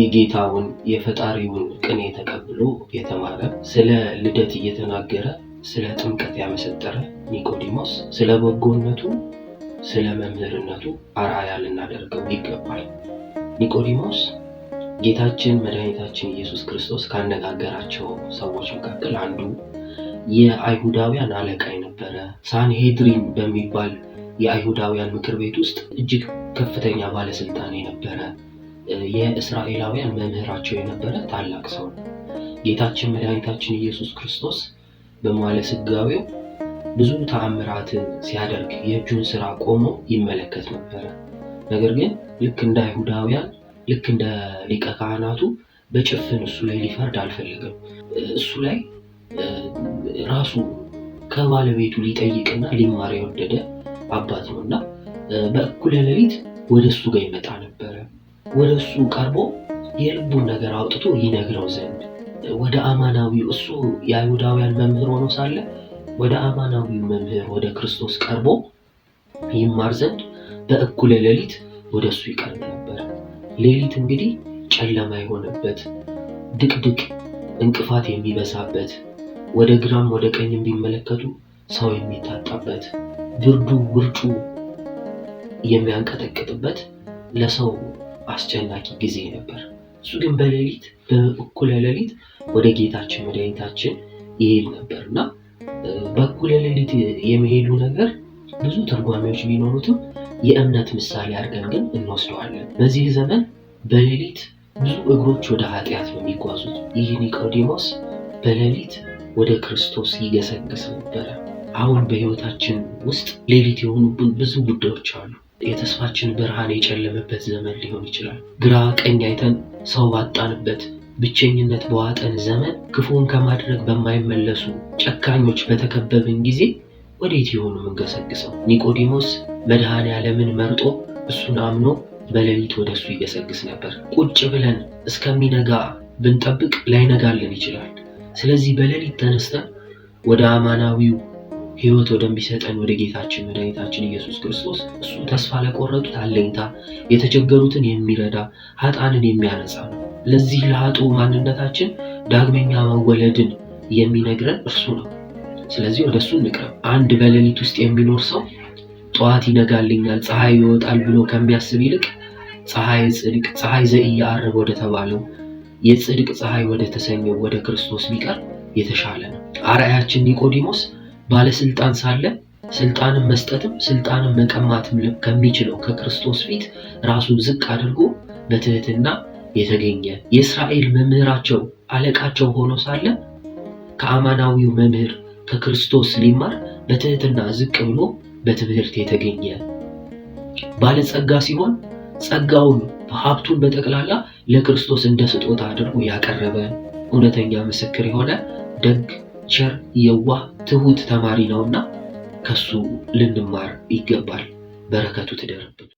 የጌታውን የፈጣሪውን ቅኔ ተቀብሎ የተማረ ስለ ልደት እየተናገረ ስለ ጥምቀት ያመሰጠረ ኒቆዲሞስ ስለ በጎነቱ ስለ መምህርነቱ አርአያ ልናደርገው ይገባል። ኒቆዲሞስ ጌታችን መድኃኒታችን ኢየሱስ ክርስቶስ ካነጋገራቸው ሰዎች መካከል አንዱ የአይሁዳውያን አለቃ የነበረ ሳንሄድሪን በሚባል የአይሁዳውያን ምክር ቤት ውስጥ እጅግ ከፍተኛ ባለስልጣን የነበረ የእስራኤላውያን መምህራቸው የነበረ ታላቅ ሰው ነው። ጌታችን መድኃኒታችን ኢየሱስ ክርስቶስ በመዋለ ስጋዌው ብዙ ተአምራትን ሲያደርግ የእጁን ስራ ቆሞ ይመለከት ነበረ። ነገር ግን ልክ እንደ አይሁዳውያን ልክ እንደ ሊቀ ካህናቱ በጭፍን እሱ ላይ ሊፈርድ አልፈለገም። እሱ ላይ ራሱ ከባለቤቱ ሊጠይቅና ሊማር የወደደ አባት ነው እና በእኩለ ሌሊት ወደ እሱ ጋር ይመጣ ነበር። ወደ እሱ ቀርቦ የልቡን ነገር አውጥቶ ይነግረው ዘንድ ወደ አማናዊው እሱ የአይሁዳውያን መምህር ሆኖ ሳለ ወደ አማናዊው መምህር ወደ ክርስቶስ ቀርቦ ይማር ዘንድ በእኩለ ሌሊት ወደ እሱ ይቀርብ ነበር። ሌሊት እንግዲህ ጨለማ የሆነበት ድቅድቅ እንቅፋት የሚበዛበት ወደ ግራም ወደ ቀኝ ቢመለከቱ ሰው የሚታጣበት ብርዱ ውርጩ የሚያንቀጠቅጥበት ለሰው አስጨናቂ ጊዜ ነበር። እሱ ግን በሌሊት በእኩለ ሌሊት ወደ ጌታችን መድኃኒታችን ይሄድ ነበር እና በእኩለ ሌሊት የሚሄዱ ነገር ብዙ ተርጓሚዎች ቢኖሩትም የእምነት ምሳሌ አድርገን ግን እንወስደዋለን። በዚህ ዘመን በሌሊት ብዙ እግሮች ወደ ኃጢአት ነው የሚጓዙት። ይህ ኒቆዲሞስ በሌሊት ወደ ክርስቶስ ይገሰግስ ነበረ። አሁን በህይወታችን ውስጥ ሌሊት የሆኑብን ብዙ ጉዳዮች አሉ። የተስፋችን ብርሃን የጨለመበት ዘመን ሊሆን ይችላል። ግራ ቀኝ አይተን ሰው ባጣንበት ብቸኝነት በዋጠን ዘመን ክፉን ከማድረግ በማይመለሱ ጨካኞች በተከበብን ጊዜ ወዴት የሆኑ የምንገሰግሰው? ኒቆዲሞስ መድኃኔ ዓለምን መርጦ እሱን አምኖ በሌሊት ወደ እሱ ይገሰግስ ነበር። ቁጭ ብለን እስከሚነጋ ብንጠብቅ ላይነጋልን ይችላል። ስለዚህ በሌሊት ተነስተን ወደ አማናዊው ህይወት ወደሚሰጠን ወደ ጌታችን መድኃኒታችን ኢየሱስ ክርስቶስ እሱ ተስፋ ለቆረጡት አለኝታ፣ የተቸገሩትን የሚረዳ ሀጣንን የሚያነጻ ነው። ለዚህ ለሀጡ ማንነታችን ዳግመኛ መወለድን የሚነግረን እርሱ ነው። ስለዚህ ወደ እሱ እንቅረብ። አንድ በሌሊት ውስጥ የሚኖር ሰው ጠዋት ይነጋልኛል፣ ፀሐይ ይወጣል ብሎ ከሚያስብ ይልቅ ፀሐይ ጽድቅ ፀሐይ ዘኢየዐርብ ወደ ተባለው የጽድቅ ፀሐይ ወደ ተሰኘው ወደ ክርስቶስ ቢቀርብ የተሻለ ነው። አርአያችን ኒቆዲሞስ ባለስልጣን ሳለ ስልጣንን መስጠትም ስልጣንን መቀማትም ከሚችለው ከክርስቶስ ፊት ራሱን ዝቅ አድርጎ በትህትና የተገኘ የእስራኤል መምህራቸው አለቃቸው ሆኖ ሳለ ከአማናዊው መምህር ከክርስቶስ ሊማር በትህትና ዝቅ ብሎ በትምህርት የተገኘ ባለጸጋ ሲሆን ጸጋውን ሀብቱን በጠቅላላ ለክርስቶስ እንደ ስጦታ አድርጎ ያቀረበ እውነተኛ ምስክር የሆነ ደግ ቸር፣ የዋህ፣ ትሁት ተማሪ ነውና ከሱ ልንማር ይገባል። በረከቱ ትደርብን።